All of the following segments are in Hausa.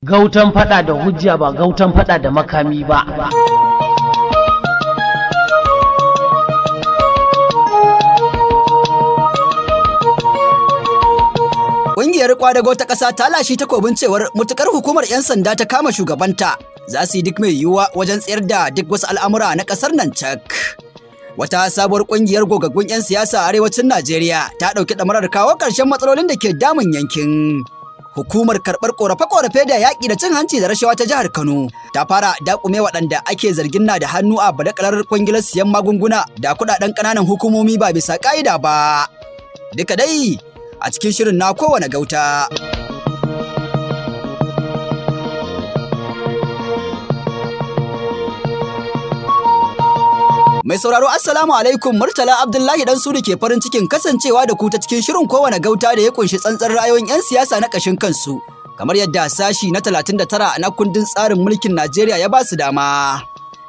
gautan fada da hujja ba gautan fada da makami ba Ƙungiyar kwadago ta ƙasa ta lashe takobin cewar mutukar hukumar 'yan sanda ta kama shugabanta za su yi duk mai yiwuwa wajen tsayar da duk wasu al'amura na ƙasar nan cak. Wata sabuwar ƙungiyar gogaggun 'yan siyasa a arewacin Najeriya ta ɗauki ɗamarar kawo ƙarshen matsalolin da ke damun yankin. Hukumar karɓar ƙorafe-ƙorafe da yaƙi da cin hanci da rashawa ta jihar Kano ta fara dakume waɗanda ake zargin na da hannu a badakalar kwangilar siyan magunguna da kuɗaɗen ƙananan hukumomi ba bisa ƙa'ida ba. Duka dai a cikin shirin na kowane gauta. Mai sauraro Assalamu alaikum Murtala Abdullahi dan Suri ke farin cikin kasancewa da ku ta cikin shirin kowane gauta da ya kunshi tsantsar ra'ayoyin 'yan siyasa na kashin kansu. Kamar yadda sashi na 39 na kundin tsarin mulkin Najeriya ya ba su dama.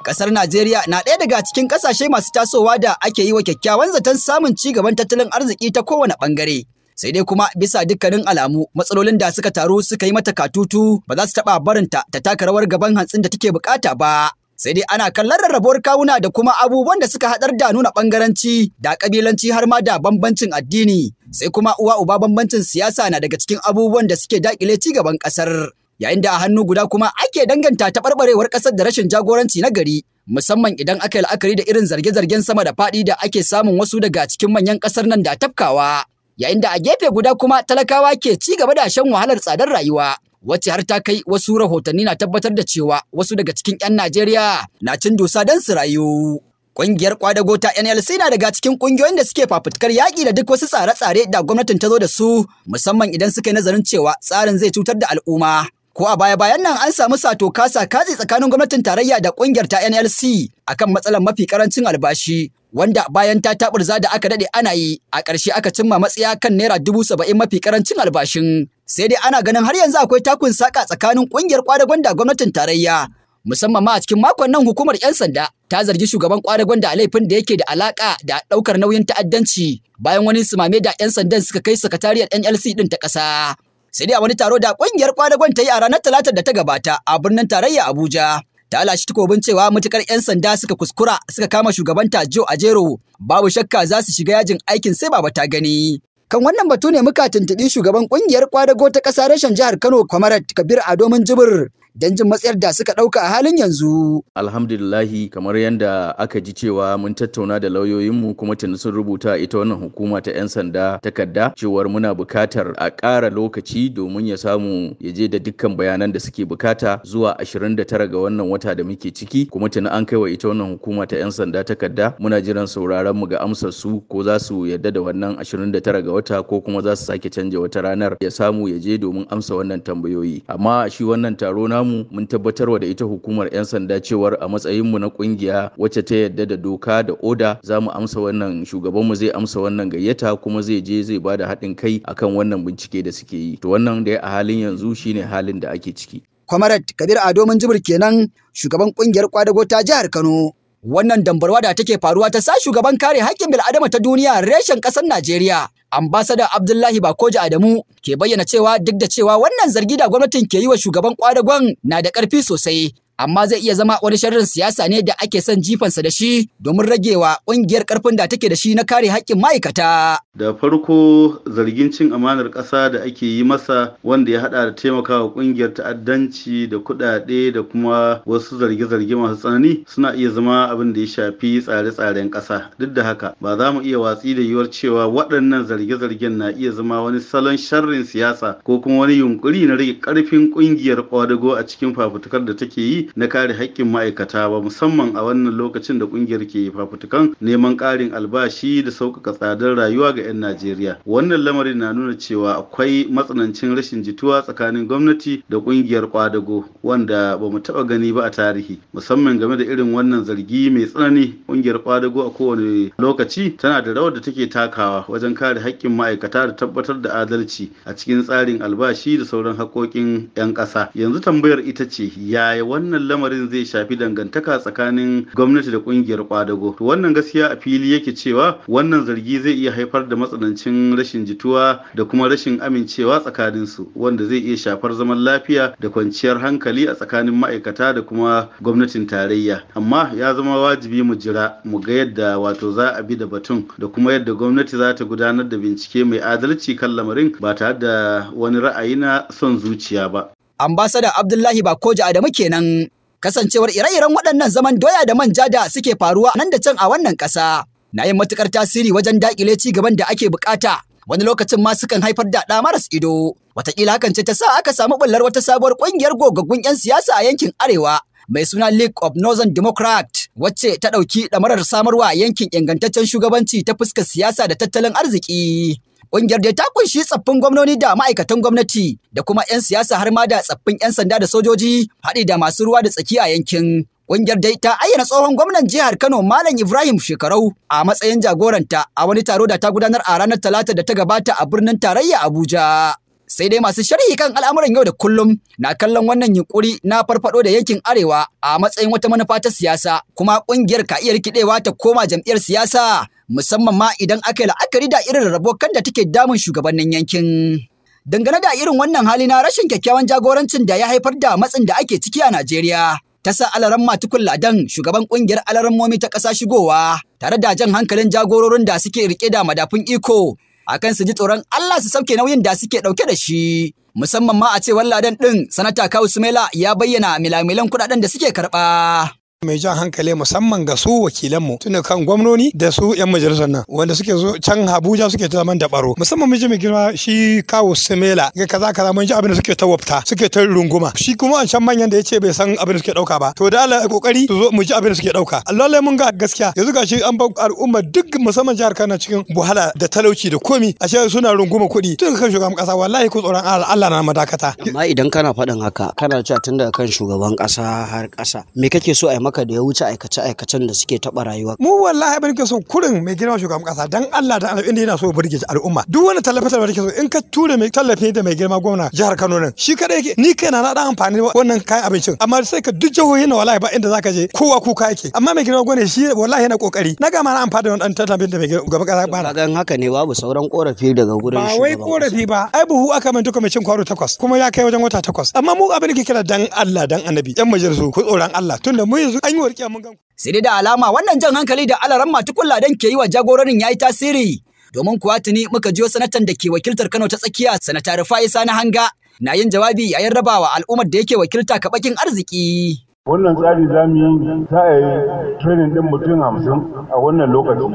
Ƙasar Najeriya na ɗaya daga cikin ƙasashe masu tasowa da ake yi wa kyakkyawan zaton samun ci gaban tattalin arziki ta kowane ɓangare. Sai dai kuma bisa dukkanin alamu matsalolin da suka taru suka yi mata katutu ba za su taɓa barinta ta taka rawar gaban hantsin da take bukata ba. sai dai ana kallon rarrabuwar kawuna da kuma abubuwan da suka haɗar da nuna ɓangaranci da kabilanci har ma da bambancin addini sai kuma uwa uba bambancin siyasa na daga cikin abubuwan da suke daƙile ci gaban ƙasar yayin da a hannu guda kuma ake danganta taɓarɓarewar ƙasar da rashin jagoranci na gari musamman idan aka yi la'akari da irin zarge-zargen sama da faɗi da ake samun wasu daga cikin manyan ƙasar nan da tafkawa yayin da a gefe guda kuma talakawa ke ci gaba da shan wahalar tsadar rayuwa wacce har ta kai wasu rahotanni na tabbatar da cewa wasu daga cikin 'yan Najeriya na cin dusa don su rayu. Ƙungiyar ƙwadago ta NLC na daga cikin ƙungiyoyin da suke fafutukar yaƙi da duk wasu tsare-tsare da gwamnatin ta zo da su musamman idan suka yi nazarin cewa tsarin zai cutar da al'umma. Ko a baya-bayan nan an samu sato kasa katse tsakanin gwamnatin tarayya da ƙungiyar ta NLC akan matsalar mafi karancin albashi wanda bayan ta taɓurza da aka daɗe ana yi a ƙarshe aka cimma matsaya kan naira dubu saba'in mafi karancin albashin Sai dai ana ganin har yanzu akwai takun saka tsakanin kungiyar kwada-gwanda gwamnatin tarayya. Musamman ma a cikin makon nan hukumar 'yan sanda ta zargi shugaban gwanda da laifin da yake da alaka da ɗaukar nauyin ta'addanci bayan wani sumame da 'yan sandan suka kai sakatariyar NLC ɗin ta kasa Sai dai a wani taro da ƙungiyar kwada ta yi a ranar Talatar da ta gabata a birnin tarayya Abuja. ta lashe takobin cewa matukar 'yan sanda suka kuskura suka kama shugaban Joe Ajero babu shakka za su shiga yajin aikin sai baba ta gani. Kan wannan batu ne muka tuntuɓi shugaban ƙungiyar kwadago ta ƙasa reshen jihar Kano Kwamarat Kabir Ado Minjibir don jin matsayar da suka ɗauka a halin yanzu. Alhamdulillahi kamar yadda aka ji cewa mun tattauna da lauyoyinmu kuma tuni sun rubuta ita wannan hukuma ta 'yan sanda takarda cewar muna bukatar a ƙara lokaci domin ya samu ya je da dukkan bayanan da suke bukata zuwa 29 ga wannan wata da muke ciki kuma tuni an kai wa ita wannan hukuma ta 'yan sanda takarda muna jiran sauraron mu ga amsar su ko za su yarda da wannan 29 ga wata ko kuma za su sake canja wata ranar ya samu ya je domin amsa wannan tambayoyi amma shi wannan taro na namu mun tabbatarwa da ita hukumar 'yan sanda cewar a matsayinmu na kungiya wacce ta yadda da doka da oda za mu amsa wannan shugabanmu zai amsa wannan gayyata kuma zai je zai ba da haɗin kai akan wannan bincike da suke yi to wannan da a halin yanzu shine halin da ake ciki Kwamarat Kabir Ado jibir kenan shugaban kungiyar kwadago ta jihar Kano. wannan dambarwa da take faruwa ta sa shugaban kare haƙƙin bil'adama ta duniya reshen ƙasar Najeriya. Ambasada Abdullahi Bakoja Adamu ke bayyana cewa duk da cewa wannan zargi da gwamnatin ke yi wa shugaban kwadagon na da ƙarfi sosai amma zai iya zama wani sharrin siyasa ne da ake son jifansa da shi domin wa ƙungiyar ƙarfin da take da shi na kare haƙƙin ma'aikata. Da farko zargin cin amanar ƙasa da ake yi masa wanda ya haɗa da taimakawa ƙungiyar ta'addanci da kuɗaɗe da kuma wasu zarge-zarge masu tsanani suna iya zama abin da ya shafi tsare-tsaren ƙasa. Duk da haka ba za mu iya watsi da yiwuwar cewa waɗannan zarge-zargen na iya zama wani salon sharrin siyasa ko kuma wani yunƙuri na rage ƙarfin ƙungiyar ƙwadago a cikin fafutukar da take yi na kare haƙƙin ma'aikata ba musamman a wannan lokacin da ƙungiyar ke fafutukan neman ƙarin albashi da sauƙaƙa tsadar rayuwa ga 'yan Najeriya. Wannan lamarin na nuna cewa akwai matsanancin rashin jituwa tsakanin gwamnati da ƙungiyar kwadago wanda ba mu taɓa gani ba a tarihi musamman game da irin wannan zargi mai tsanani ƙungiyar kwadago a kowane lokaci tana da rawar da take takawa wajen kare haƙƙin ma'aikata da tabbatar da adalci a cikin tsarin albashi da sauran haƙƙoƙin 'yan ƙasa. Yanzu tambayar ita ce yaya wannan wannan lamarin zai shafi dangantaka tsakanin gwamnati da kungiyar kwadago to wannan gaskiya a fili yake cewa wannan zargi zai iya haifar da matsanancin rashin jituwa da kuma rashin amincewa tsakanin su wanda zai iya shafar zaman lafiya da kwanciyar hankali a tsakanin ma'aikata da kuma gwamnatin tarayya amma ya zama wajibi mu jira mu ga yadda wato za a bi da batun da kuma yadda gwamnati za ta gudanar da bincike mai adalci kan lamarin ba tare da wani ra'ayi na son zuciya ba ambasada Abdullahi ba koja Adamu kenan. Kasancewar ire-iren waɗannan zaman doya da manja da suke faruwa nan da can a wannan ƙasa. Na yin matuƙar tasiri wajen daƙile ci gaban da ake buƙata. Wani lokacin ma sukan haifar da ɗa maras ido. Wataƙila hakan ce ta sa aka samu ɓullar wata sabuwar ƙungiyar gogaggun 'yan siyasa a yankin Arewa mai suna League of Northern Democrat wacce ta ɗauki ɗamarar samarwa yankin ingantaccen shugabanci ta fuskar siyasa da tattalin arziki. Ƙungiyar dai ta kunshi tsaffin gwamnoni da ma'aikatan gwamnati da kuma 'yan siyasa har ma da tsaffin 'yan sanda da sojoji haɗi da masu ruwa da tsaki a yankin. Ƙungiyar dai ta ayyana tsohon gwamnan jihar Kano Malam Ibrahim Shekarau a matsayin jagoranta a wani taro da ta gudanar a ranar Talata da ta gabata a birnin tarayya Abuja. sai dai masu sharhi kan al'amuran yau da kullum na kallon wannan yunkuri na farfado da yankin arewa a matsayin wata manufa ta siyasa kuma ƙungiyar ka iya rikidewa ta koma jam'iyyar siyasa musamman ma idan aka yi la'akari da irin rabokan da take damun shugabannin yankin. Dangane da irin wannan hali na rashin kyakkyawan jagorancin da ya haifar da matsin da ake ciki a Najeriya. Ta sa alaran matukun ladan shugaban kungiyar momi ta ƙasa shigowa tare da jan hankalin jagororin da suke rike da madafun iko akan su ji tsoron Allah su sauke nauyin da suke ɗauke da shi. Musamman ma a cewar ladan ɗin sanata Kawu Sumela ya bayyana milamilan kuɗaɗen da suke karɓa. mai jan hankali musamman ga su wakilanmu tunda kan gwamnoni da su 'yan majalisar nan wanda suke zo can Abuja suke ta zaman da baro musamman miji mai girma shi kawo Semela ga kaza kaza mun ji abin da suke ta wafta suke ta runguma shi kuma an can manyan da yace bai san abin da suke dauka ba to da Allah kokari su zo mu ji abin da suke dauka lalle mun ga gaskiya yanzu gashi an ba al'umma duk musamman jihar Kano cikin buhala da talauci da komi a ce suna runguma kuɗi tun kan shugaban kasa wallahi ku tsoron Allah na madakata amma idan kana faɗin haka kana cewa tun daga kan shugaban kasa har kasa me kake so a maka da ya wuce aikace-aikacen da suke taɓa rayuwa. Mu wallahi abin ke so kurin mai girma shugaban ƙasa dan Allah da Allah inda yana so ya burge al'umma. Duk wani tallafi da ke so in ka tura mai tallafi da mai girma gwamna jihar Kano nan shi kadai yake ni kaina na dan amfani da wannan kayan abincin amma sai ka duk jihohi na wallahi ba inda zaka je kowa kuka yake amma mai girma gwamna shi wallahi yana kokari na ga ma na amfani da wannan tallafi da mai girma ƙasa ba. Dan haka ne babu sauran korafi daga gurin Ba wai korafi ba ai buhu aka mai duka mai cin kwaro takwas kuma ya kai wajen wata takwas amma mu abin da ke kira dan Allah dan annabi yan majalisu ku tsoron Allah tunda mu yanzu an yi warke mun gan ku. Sai da alama wannan jan hankali da alaran matukulla dan ke yi wa jagororin ya yi tasiri. Domin kuwa tuni muka jiyo sanatan da ke wakiltar Kano ta tsakiya sanata Rufai Sani Hanga na yin jawabi yayin rabawa al'ummar da yake wakilta ka bakin arziki. wannan tsari za mu yi ta yi training din mutum hamsin a wannan lokaci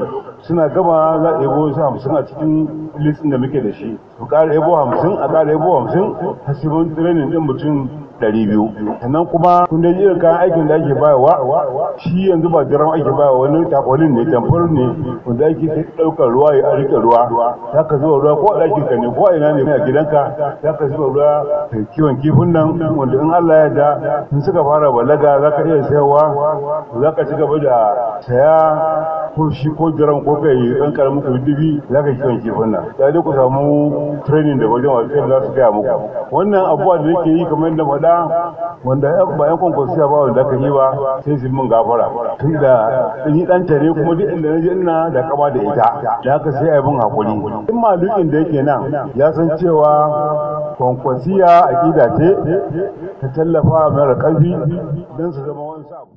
suna gama za a yabo su hamsin a cikin listin da muke da shi su ƙara yabo hamsin a ƙara yabo hamsin hasibin training din mutum ɗari biyu sannan kuma kun da irin kayan aikin da ake bayarwa shi yanzu ba jiran ake bayarwa wani takwalin ne tamfar ne wanda ake ɗaukar ruwa ya rike ruwa za ka zuba ruwa ko a ɗakin ka ne ko a ina ne a gidanka za ka zuba ruwa ta kiwon kifin nan wanda in Allah ya da sun suka fara balaga za ka iya sayarwa za ka ci gaba da saya ko shi ko jiran ko kai ɗan karamin dubi za ka kiwon kifin nan ya dai ku samu training da wajen wajen za su gaya muku wannan abuwa da yake yi kamar yadda faɗa wanda ba yan kwankwasiya ba wanda aka yi ba sai su min gafara tun da yi dan tare kuma duk inda na ina da kaba da ita da haka sai a yi bin hakuri in malukin da yake nan ya san cewa kwankwasiya aƙida ce ta tallafa mara ƙarfi don su zama wani sabu.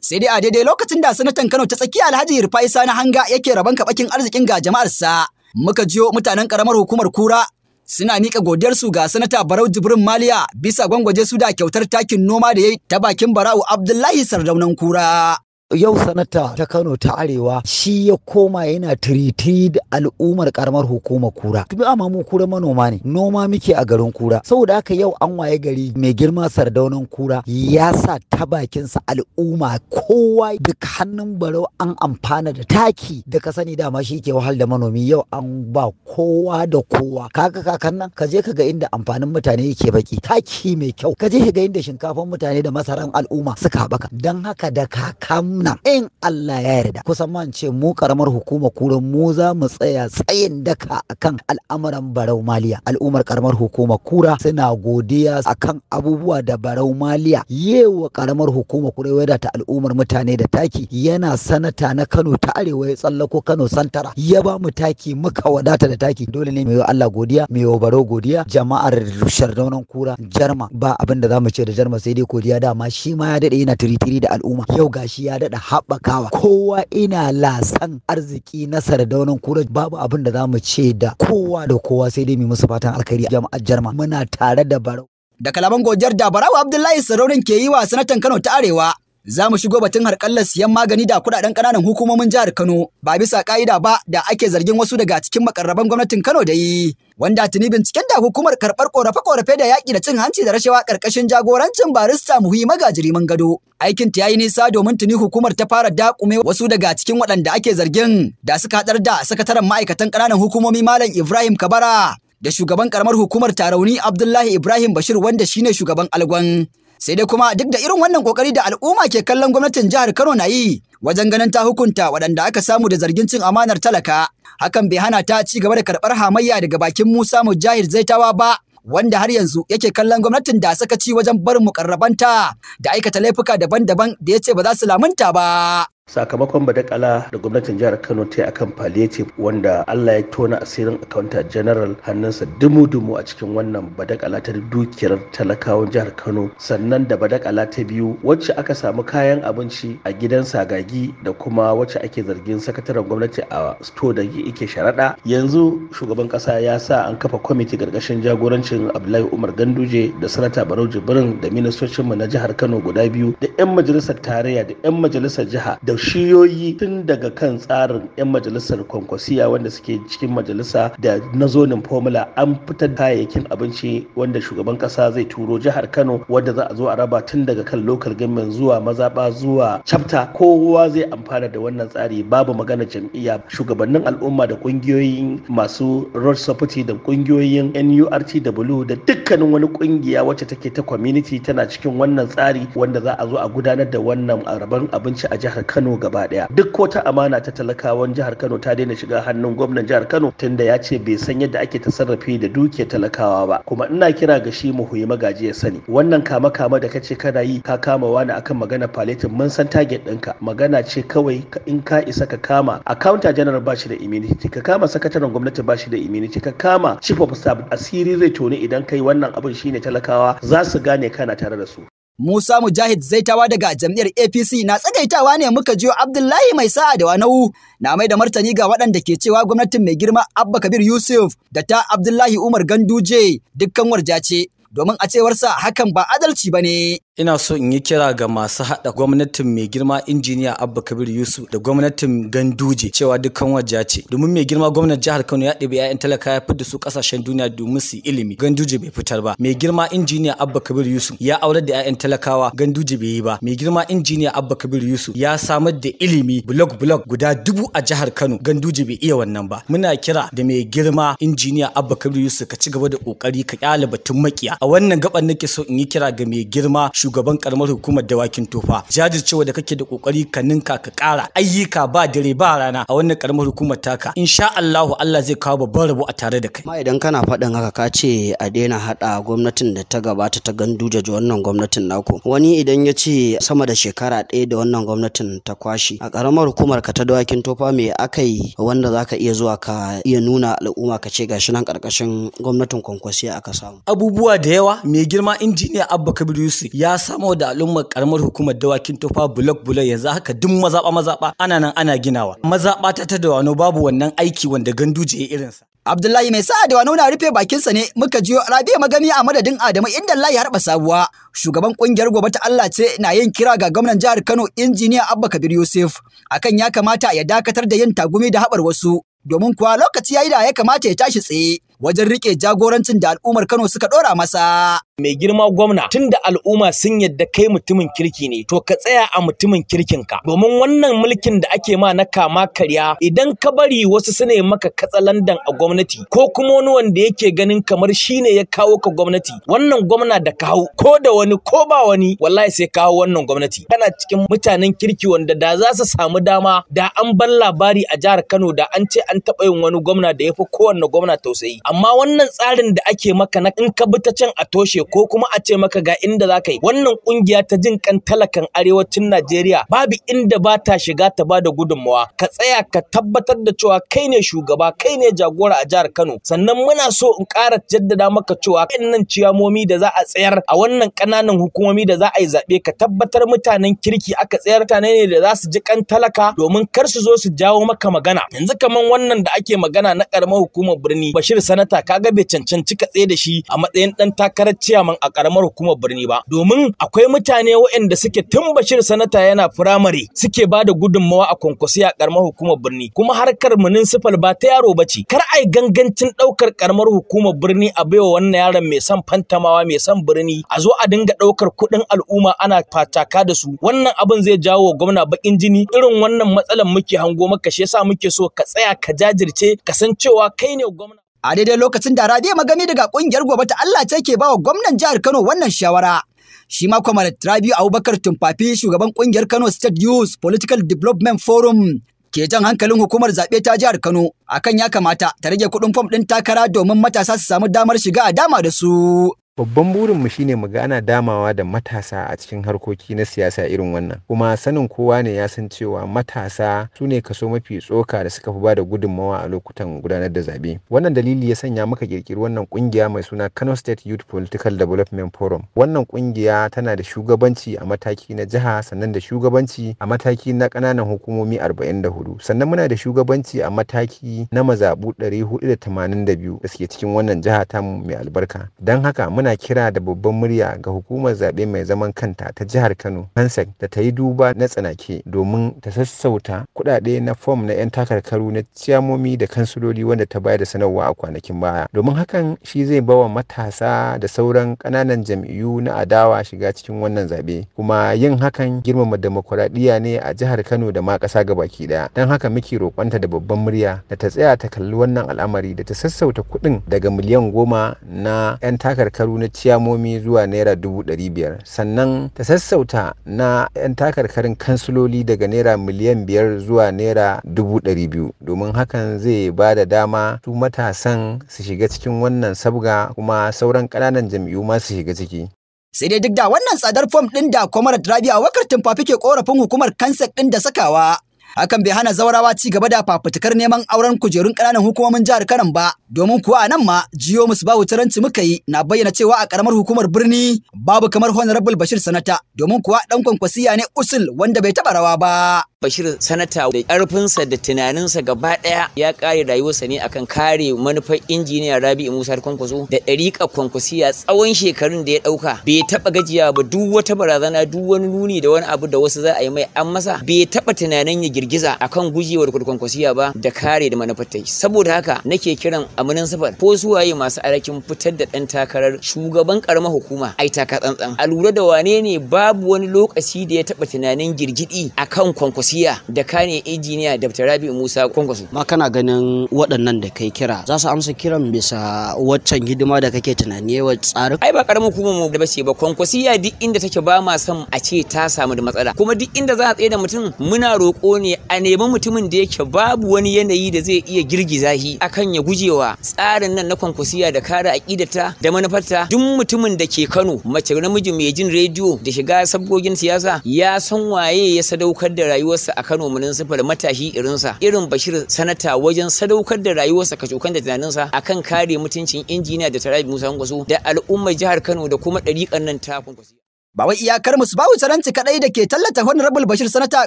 sai dai a daidai lokacin da sanatan Kano ta tsakiya Alhaji Rufai Sani Hanga yake raban kabakin arzikin ga jama'arsa. Muka jiyo mutanen karamar hukumar Kura suna miƙa godiyarsu ga sanata Barau Jibrin Maliya bisa gwangwaje su da kyautar takin noma da ya yi ta bakin Barau Abdullahi Sardaunan Kura. yau sanata ta kano ta arewa shi ya koma yana tiritiri da al'ummar karamar hukumar kura tubi amma mu kura manoma ne noma muke a garin kura saboda haka yau an waye gari mai girma sardaunan kura ya sa ta bakinsa al'umma kowa duk hannun barau an amfana da taki da ka sani dama shi ke wahal da manomi yau an ba kowa da kowa kaga kakan nan ka je ka ga inda amfanin mutane yake baki taki mai kyau ka je ka ga inda shinkafan mutane da masaran al'umma suka haɓaka don haka da kakan gwamna in Allah ya yarda kusan man ce mu karamar hukuma kura mu za mu tsaya tsayin daka akan al'amuran barau maliya al'ummar karamar hukuma kura suna godiya akan abubuwa da barau maliya yewa karamar hukuma kura ta al'ummar mutane da taki yana sanata na Kano ta arewa ya tsallako Kano santara ya ba mu taki muka wadata da taki dole ne mai Allah godiya mai baro godiya jama'ar shardaunan kura jarma ba abin da za mu ce da jarma sai dai godiya dama shi ma ya dade yana tiri-tiri da al'umma yau gashi ya dade da haɓakawa kowa ina lasan arziki na sardaunan kura babu abin da za mu ce da kowa da kowa sai dai mu musu fatan alkhairi jama'ar jarma muna tare da barau da kalaman gojar da barawa abdullahi saraurin ke yi wa sanatan kano ta arewa za mu shigo batun harkallar siyan magani da kuɗaɗen ƙananan hukumomin jihar Kano ba bisa ƙa'ida ba da ake zargin wasu daga cikin makarraban gwamnatin Kano da yi wanda tuni binciken da hukumar karɓar korafe-korafe da yaƙi da cin hanci da rashawa ƙarƙashin jagorancin barista muhi magajiri mun gado aikin ta yayi nisa domin tuni hukumar ta fara dakume wasu daga cikin waɗanda ake zargin da suka haɗar da sakataren ma'aikatan ƙananan hukumomi malam Ibrahim Kabara da shugaban karamar hukumar tarauni Abdullahi Ibrahim Bashir wanda shine shugaban algon Sai dai kuma duk da irin wannan kokari da al'umma ke kallon gwamnatin jihar Kano na yi wajen ganin ta hukunta waɗanda aka samu da zargin cin amanar talaka. Hakan bai hana ta ci gaba da karɓar hamayya daga bakin Musa Mujahid Zaitawa ba. wanda har yanzu yake kallon gwamnatin da sakaci wajen barin mukarrabanta da aikata laifuka daban-daban da ya ce ba za su lamunta ba. sakamakon badakala da gwamnatin jihar kano ta yi akan palliative wanda allah ya tona asirin accountant general hannunsa dumu-dumu a cikin wannan badakala ta dukiyar talakawan jihar kano sannan da badakala ta biyu wacce aka samu kayan abinci a gidan sagagi da kuma wacce ake zargin sakataren gwamnati a sto da yake sharaɗa yanzu shugaban ƙasa ya sa an kafa kwamiti ƙarƙashin jagorancin abdullahi umar ganduje da sanata barau jibrin da ministocinmu na jihar kano guda biyu da 'yan majalisar tarayya da 'yan majalisar jiha da shiyoyi tun daga kan tsarin 'yan majalisar kwankwasiya wanda suke cikin majalisa da na zonin formula an fita kayayyakin abinci wanda shugaban kasa zai turo jihar kano wadda za a zo a raba tun daga kan lokal gamin zuwa mazaba zuwa chapter kowa zai amfana da wannan tsari babu magana jam'iyya shugabannin al'umma da kungiyoyin masu road safety da kungiyoyin nurtw da dukkanin wani kungiya wacce take ta community tana cikin wannan tsari wanda za a zo a gudanar da wannan rabon abinci a jihar kano Kano gaba daya duk wata amana ta talakawan jihar Kano ta daina shiga hannun gwamnan jihar Kano tunda ya ce bai san yadda ake tasarrafi da dukiyar talakawa ba kuma ina kira ga shi mu huyi magaji ya sani wannan kama kama da kace kana yi ka kama wani akan magana paletin mun san target ɗinka magana ce kawai in ka isa ka kama accountant general bashi da immunity ka kama sakataren gwamnati ba shi da immunity ka kama chief of staff asiri zai toni idan kai wannan abin shine talakawa za su gane kana tare da su Musa Mujahid Zaitawa daga jam'iyyar APC na tsagaitawa ne muka jiyo Abdullahi Mai Sa'a da Wanau na mai da martani ga waɗanda ke cewa gwamnatin mai girma Abba Kabir Yusuf da ta Abdullahi Umar Ganduje dukkan warja ce domin a cewarsa hakan ba adalci ba ne. Ina so in yi kira ga masu haɗa gwamnatin mai girma injiniya Abba Kabir Yusuf da gwamnatin Ganduje cewa dukkan wajja ce. Domin mai girma gwamnatin jihar Kano ya ɗebi 'ya'yan talaka ya fitar su ƙasashen duniya domin su ilimi. Ganduje bai fitar ba. Mai girma injiniya Abba Kabir Yusuf ya aurar da 'ya'yan talakawa Ganduje bai yi ba. Mai girma injiniya Abba Kabir Yusuf ya samar da ilimi blog blog guda dubu a jihar Kano. Ganduje bai iya wannan ba. Muna kira da mai girma injiniya Abba Kabir Yusuf ka ci gaba da ƙoƙari ka ƙyale batun makiya. A wannan gaban nake so in yi kira ga mai girma shugaban karamar hukumar dawakin tofa jajircewa da kake da kokari ka ninka ka kara ayyuka ba dare ba rana a wannan karamar hukumar taka insha Allahu Allah zai kawo babban rabo a tare da kai ma idan kana faɗin haka ka ce a daina hada gwamnatin da ta gabata ta ganduje wannan gwamnatin naku wani idan ya ce sama da shekara ɗaya da wannan gwamnatin ta kwashi a karamar hukumar ka ta dawakin tofa me aka yi wanda zaka iya zuwa ka iya nuna al'umma ka ce gashi nan karkashin gwamnatin kwankwasiya aka samu abubuwa da yawa mai girma injiniya Abba kabiru Yusuf ya ya samo da al'ummar karamar hukumar dawakin tofa bulok bulok yanzu haka duk mazaɓa mazaɓa ana nan ana ginawa mazaba ta ta dawano babu wannan aiki wanda ganduje ya irinsa Abdullahi mai sa da wano na rufe bakin sa ne muka jiyo rabi'a magani a madadin Adamu inda Allah ya harba sabuwa. Shugaban kungiyar gobe ta Allah ce na yin kira ga gwamnan jihar Kano injiniya Abba Kabir Yusuf akan ya kamata ya dakatar da yin tagumi da haɓar wasu domin kuwa lokaci yayi da ya kamata ya tashi tsaye. wajen rike jagorancin da al'ummar Kano suka ɗora masa. Mai girma gwamna tunda al'umma sun yadda kai mutumin kirki ne to ka tsaya a mutumin kirkin ka domin wannan mulkin da ake ma na kama karya idan ka bari wasu su ne maka katsalandan a gwamnati ko kuma wani wanda yake ganin kamar shine ya kawo ka gwamnati wannan gwamna da ka hau ko da wani ko ba wani wallahi sai kawo wannan gwamnati kana cikin mutanen kirki wanda da za su samu dama da an ban labari a jihar Kano da an ce an taɓa yin wani gwamna da ya fi kowanne gwamna tausayi amma wannan tsarin da ake maka na in ka bi ta can a toshe ko kuma a ce maka ga inda za ka yi wannan kungiya ta jin kan talakan arewacin Najeriya babu inda ba ta shiga ta ba da gudunmawa ka tsaya ka tabbatar da cewa kai ne shugaba kai ne jagora a jihar Kano sannan muna so in ƙara jaddada maka cewa nan ciyamomi da za a tsayar a wannan ƙananan hukumomi da za a yi zaɓe ka tabbatar mutanen kirki aka tsayar mutane ne da za su ji kan talaka domin kar su zo su jawo maka magana yanzu kaman wannan da ake magana na ƙaramar hukumar birni Bashir Sana sanata kaga bai cancanci ka tsaye da shi a matsayin dan takarar ciyaman a karamar hukumar birni ba domin akwai mutane waɗanda suke tun bashir sanata yana firamare suke ba da gudunmawa a kwankwasi a karamar hukumar birni kuma harkar municipal ba ta yaro ba ce kar ai gangancin ɗaukar karamar hukumar birni a baiwa wannan yaron mai son fantamawa mai son birni a zo a dinga ɗaukar kuɗin al'umma ana fataka da su wannan abin zai jawo wa gwamna bakin jini irin wannan matsalar muke hango maka shi yasa muke so ka tsaya ka jajirce ka san cewa kai ne gwamna A daidai lokacin da Rabe Magami daga ƙungiyar gobe ta Allah ce ke bawa gwamnan jihar Kano wannan shawara. Shi ma kwamar Rabiu Abubakar Tumfafi shugaban ƙungiyar Kano State Youth Political Development Forum ke jan hankalin hukumar zaɓe ta jihar Kano akan ya kamata ta rage kuɗin fom ɗin takara domin matasa su samu damar shiga a dama da su. Babban burin mu shine mu ga ana damawa da matasa a cikin harkoki na siyasa irin wannan. Kuma sanin kowa ne ya san cewa matasa su ne kaso mafi tsoka da suka fi bada gudunmawa a lokutan gudanar da zabe. Wannan dalili ya sanya muka kirkiri wannan kungiya mai suna Kano State Youth Political Development Forum. Wannan kungiya tana da shugabanci a mataki na jiha sannan da shugabanci a mataki na ƙananan hukumomi 44. Sannan muna da shugabanci a mataki na mazabu 482 da suke cikin wannan jiha ta mu mai albarka. Don haka muna ana kira da babban murya ga hukumar zaɓe mai zaman kanta ta jihar Kano Hansek da ta yi duba na tsanake domin ta sassauta kuɗaɗe na fom na 'yan takarkaru na ciyamomi da kansuloli wanda ta bayar da sanarwa a kwanakin baya. Domin hakan shi zai bawa matasa da sauran ƙananan jam'iyyu na adawa shiga cikin wannan zaɓe kuma yin hakan girmama demokuraɗiyya ne a jihar Kano da ma ƙasa ga baki ɗaya. Don haka muke roƙonta da babban murya da ta tsaya ta kalli wannan al'amari da ta sassauta kuɗin daga miliyan goma na 'yan takarkaru na ciyamomi zuwa naira dubu ɗari biyar sannan ta sassauta na 'yan takarkarin kansiloli daga naira miliyan biyar zuwa naira dubu ɗari biyu domin hakan zai ba da dama su matasan su shiga cikin wannan sabga kuma sauran ƙananan jam'iyyu ma su shiga ciki sai dai duk da wannan tsadar fom ɗin da rabi a wakar tumfafi ke korafin hukumar kansa ɗin da sakawa Hakan bai hana zaurawa ci gaba da fafutukar neman auren kujerun ƙananan hukumomin jihar Kano ba, domin kuwa a nan ma jiyo musu ba wutaranci muka yi na bayyana cewa a ƙaramar hukumar birni babu kamar Honorable Bashir Sanata, domin kuwa ɗan kwankwasiya ne usul wanda bai taɓa rawa ba. Bashir sanata da ƙarfinsa da tunaninsa gaba ɗaya ya kare rayuwarsa ne akan kare manufar injiniya Rabi Musa Kwankwaso da ɗariƙa Kwankwasiya tsawon shekarun da ya ɗauka bai taɓa gajiya ba duk wata barazana duk wani nuni da wani abu da wasu za a yi mai an masa bai taɓa tunanin ya girgiza akan gujewar Kwankwasiya ba da kare da manufar ta saboda haka nake kiran amanin safar ko suwaye masu alhakin fitar da ɗan takarar shugaban ƙaramar hukuma ai taka tsantsan a lura da wane ne babu wani lokaci da ya taɓa tunanin girgidi akan kwankwasi siya da kane injiniya Dr. Rabi Musa Kwankwaso. Ma kana ganin waɗannan da kai kira za su amsa kiran bisa waccan hidima da kake tunani yawa tsarin. Ai ba karamin kuma mu da bace ba kwankwasiya duk inda take ba ma son a ce ta samu da matsala kuma duk inda za a tsaye da mutum muna roƙo ne a nemi mutumin da yake babu wani yanayi da zai iya girgiza shi akan ya gujewa tsarin nan na kwankwasiya da kare aƙidata da manufarta duk mutumin da ke Kano mace namiji mai jin rediyo da shiga sabgogin siyasa ya san waye ya sadaukar da rayuwar rayuwarsa a Kano munin sifar matashi irinsa irin Bashir sanata wajen sadaukar da rayuwarsa kacokan da tunaninsa akan kare mutuncin injiniya da Tarabi Musa Kwaso da al'ummar jihar Kano da kuma ɗariƙan nan ta Kwaso. Ba wai iyakar musu bawu saranci kaɗai da ke tallata Honorable Bashir sanata a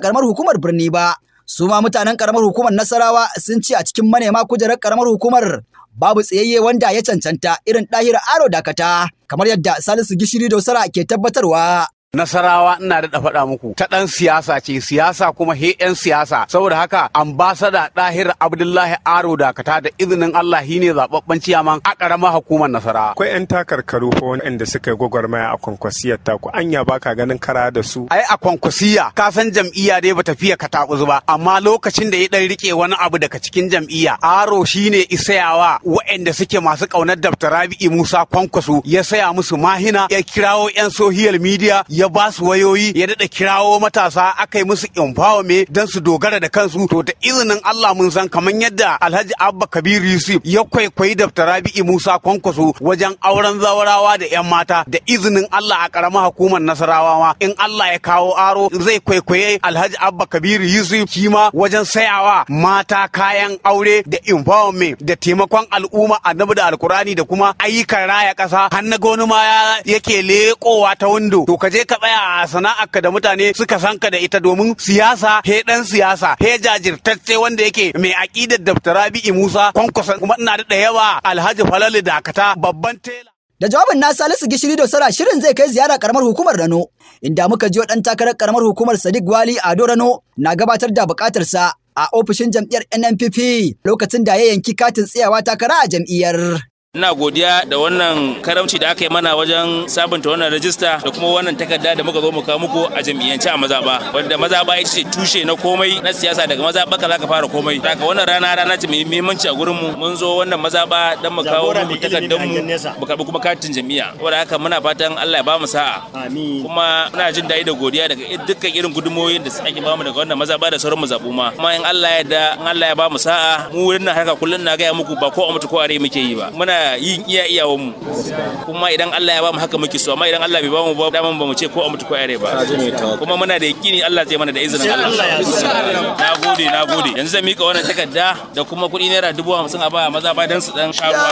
ƙaramar hukumar birni ba. Su ma mutanen ƙaramar hukumar Nasarawa sun ce a cikin manema kujerar ƙaramar hukumar babu tsayayye wanda ya cancanta irin dahira aro dakata kamar yadda Salisu Gishiri Dosara ke tabbatarwa. Nasarawa ina da faɗa muku ta ɗan siyasa ce siyasa kuma he ɗan siyasa saboda haka ambasada ɗahir Abdullahi Aro Dakata da izinin Allah shine zaɓaɓɓen ciyaman a ƙaramar hukumar Nasarawa. Akwai yan takarkaru fa waɗanda suka yi gwagwarmaya a kwankwasiyar ta ku anya baka ganin kara da su. Ai a kwankwasiya ka san jam'iyya dai bata ka katakuzu ba amma lokacin da ya ɗan riƙe wani abu daga cikin jam'iyya Aro shine isayawa waɗanda suke masu ƙaunar Dr. Rabi'i Musa Kwankwaso ya saya musu mahina ya kirawo yan sohiyal midiya ya ya ba su wayoyi ya daɗa kirawo matasa aka yi musu empowerment don su dogara da kansu to da izinin Allah mun san kamar yadda Alhaji Abba Kabir Yusuf ya kwaikwayi da Rabi'i Musa Kwankwaso wajen auren zawarawa da 'yan mata da izinin Allah a ƙaramar hukumar Nasarawa ma in Allah ya kawo aro zai kwaikwaye Alhaji Abba Kabir Yusuf kima wajen sayawa mata kayan aure da empowerment da taimakon al'umma annabi da alkurani da kuma ayyukan raya ƙasa har na wani ma yake leƙowa ta windo to ka je ka ka tsaya a ka da mutane suka san ka da ita domin siyasa he dan siyasa he jajirtacce wanda yake mai aƙidar daftarabi'i musa kwankwasan kuma ina da yawa alhaji falalu dakata babban tela Da jawabin na Salisu Gishiri da Sara shirin zai kai ziyara karamar hukumar Rano, inda muka jiyo dan takarar karamar hukumar Sadiq Wali Ado Rano na gabatar da bukatar sa a ofishin jam'iyyar NNPP lokacin da ya yanki katin tsayawa takara a jam'iyyar. Ina godiya da wannan karamci da aka yi mana wajen sabunta wannan rajista da kuma wannan takarda da muka zo mu kawo muku a jami'ance a mazaba wanda mazaba ya ce tushe na komai na siyasa daga mazaba ka zaka fara komai daga wannan rana rana ce mai muhimmanci a gurin mu mun zo wannan mazaba dan mu kawo muku takardar mu mu karbi kuma katin jami'a. saboda haka muna fatan Allah ya ba mu sa'a kuma muna jin daɗi da godiya daga dukkan irin gudumoyin da suke ba mu daga wannan mazaba da sauran mu ma kuma in Allah ya da in Allah ya ba mu sa'a mu wannan harka kullun na ga muku ba ko a mutu ko rai muke yi ba muna yin iya iyawan mu kuma idan Allah ya ba mu haka muke so amma idan Allah bai ba mu ba daman ba mu ce ko a mutu ko yare ba kuma muna da yakini Allah zai mana da izinin Allah na gode na gode yanzu zan mika wannan takarda da kuma kuɗi naira dubu hamsin a ba maza ba dan su dan sharuwa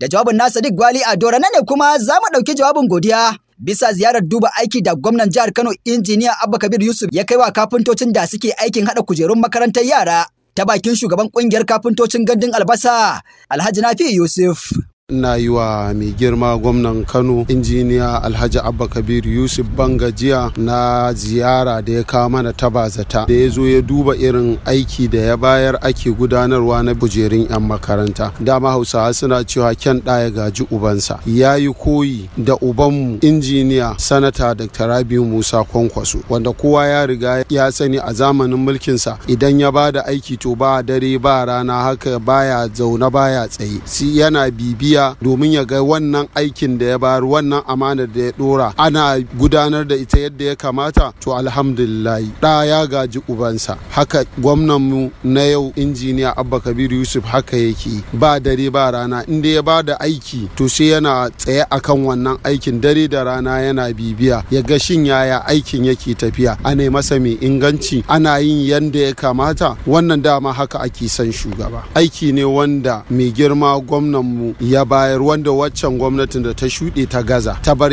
da jawabin na Sadiq Gwali a Dora ne kuma za mu ɗauki jawabin godiya bisa ziyarar duba aiki da gwamnan jihar Kano injiniya Abba Kabir Yusuf ya kai wa kafintocin da suke aikin haɗa kujerun makarantar yara ta bakin shugaban kungiyar kafintocin gandun albasa Alhaji Nafi Yusuf. ina yi wa mai girma gwamnan kano injiniya alhaji abba kabir yusuf bangajiya na ziyara da ya kawo mana ta bazata da ya zo ya duba irin aiki da ya bayar ake gudanarwa na bujerin 'yan makaranta dama hausawa suna cewa kyan ɗaya gaji ubansa ya yi koyi da ubanmu injiniya sanata dr Rabi musa kwankwaso wanda kowa ya riga ya sani a zamanin mulkinsa idan ya ba da aiki to ba dare ba rana haka baya zaune baya tsaye Si yana bibiya tafiya domin ya ga wannan aikin da ya bayar wannan amanar da ya dora ana gudanar da ita yadda ya kamata to alhamdulillah da ya gaji ubansa haka gwamnan mu na yau injiniya abba kabiru yusuf haka yake ba dare ba rana inda ya bada aiki to sai yana tsaye akan wannan aikin dare da rana yana bibiya ya ga shin yaya aikin yake tafiya ana masa mai inganci ana yin yanda ya kamata wannan dama haka ake son shugaba aiki ne wanda mai girma gwamnan mu ya bayar wanda waccan gwamnatin da ta shuɗe ta gaza ta bar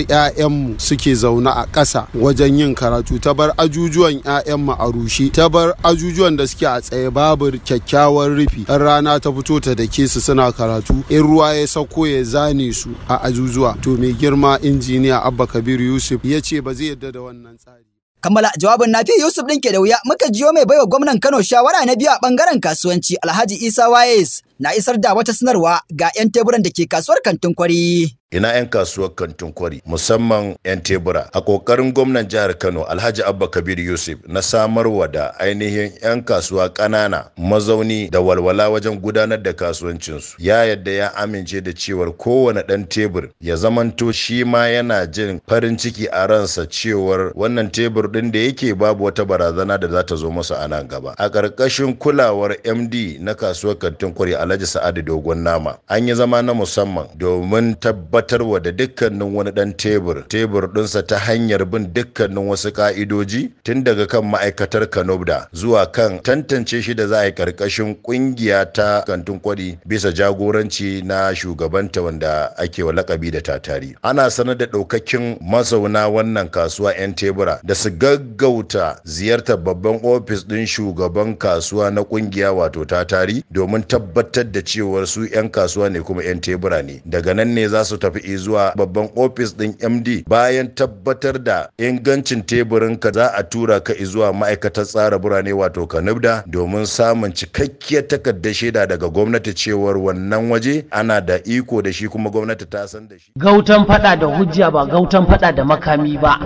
mu suke zaune a ƙasa wajen yin karatu ta bar ajujuwan mu a rushe ta bar ajujuwan da suke a tsaye babu kyakkyawar rufi ɗan rana ta fito ta da ke su suna karatu in ruwa ya sauko ya zane su a ajujuwa to mai girma injiniya abba kabir yusuf ya ce ba zai yarda da wannan tsari kammala jawabin fiye yusuf din ke da wuya muka jiyo mai baiwa gwamnan kano shawara na biyu a bangaren kasuwanci alhaji isa wayes na isar da wata sanarwa ga 'yan teburan da ke kasuwar kantin kwari. ina 'yan kasuwar kantin kwari musamman 'yan tebura a kokarin gwamnan jihar kano alhaji abba kabir yusuf na samarwa da ainihin 'yan kasuwa ƙanana mazauni da walwala wajen gudanar da kasuwancinsu ya yadda ya amince da cewar kowane ɗan tebur ya zamanto shi ma yana jin farin ciki a ransa cewar wannan tebur ɗin da yake babu wata barazana da za ta zo masa a nan gaba a ƙarƙashin kulawar md na kasuwar kantin kwari Alhaji Sa'adu Dogon Nama. An yi zama na musamman domin tabbatar wa da dukkanin wani dan tebur tebur ɗinsa ta hanyar bin dukkanin wasu ka'idoji tun daga kan ma'aikatar Kanobda zuwa kan tantance shi da za a yi ƙarƙashin ƙungiya ta kantin kwari bisa jagoranci na shugabanta wanda ake wa lakabi da tatari. Ana sanar da ɗaukakin masauna wannan kasuwa 'yan tebura da su gaggauta ziyartar babban ofis ɗin shugaban kasuwa na ƙungiya wato tatari domin tabbatar tabbatar da cewar su 'yan kasuwa ne kuma 'yan tebura ne daga nan ne za su tafi zuwa babban ofis ɗin md bayan tabbatar da ingancin teburin ka za a tura ka zuwa ma'aikatar tsara birane wato kanubda domin samun cikakkiyar takardar shaida daga gwamnati cewar wannan waje ana da iko da shi kuma gwamnati ta san da shi gautan fada da hujja ba gautan fada da makami ba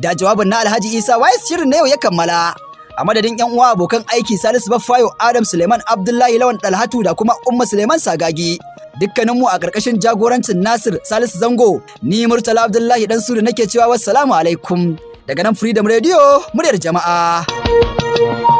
da jawabin na alhaji isa wai shirin na yau ya kammala a madadin yan uwa abokan aiki Salisu Baffayo Adam Suleiman Abdullahi Lawan Dalhatu da kuma Umma Suleiman Sagagi dukkanin mu a ƙarƙashin jagorancin Nasir Salisu Zango ni Murtala Abdullahi dan Sule nake cewa wassalamu alaikum daga nan Freedom Radio muryar jama'a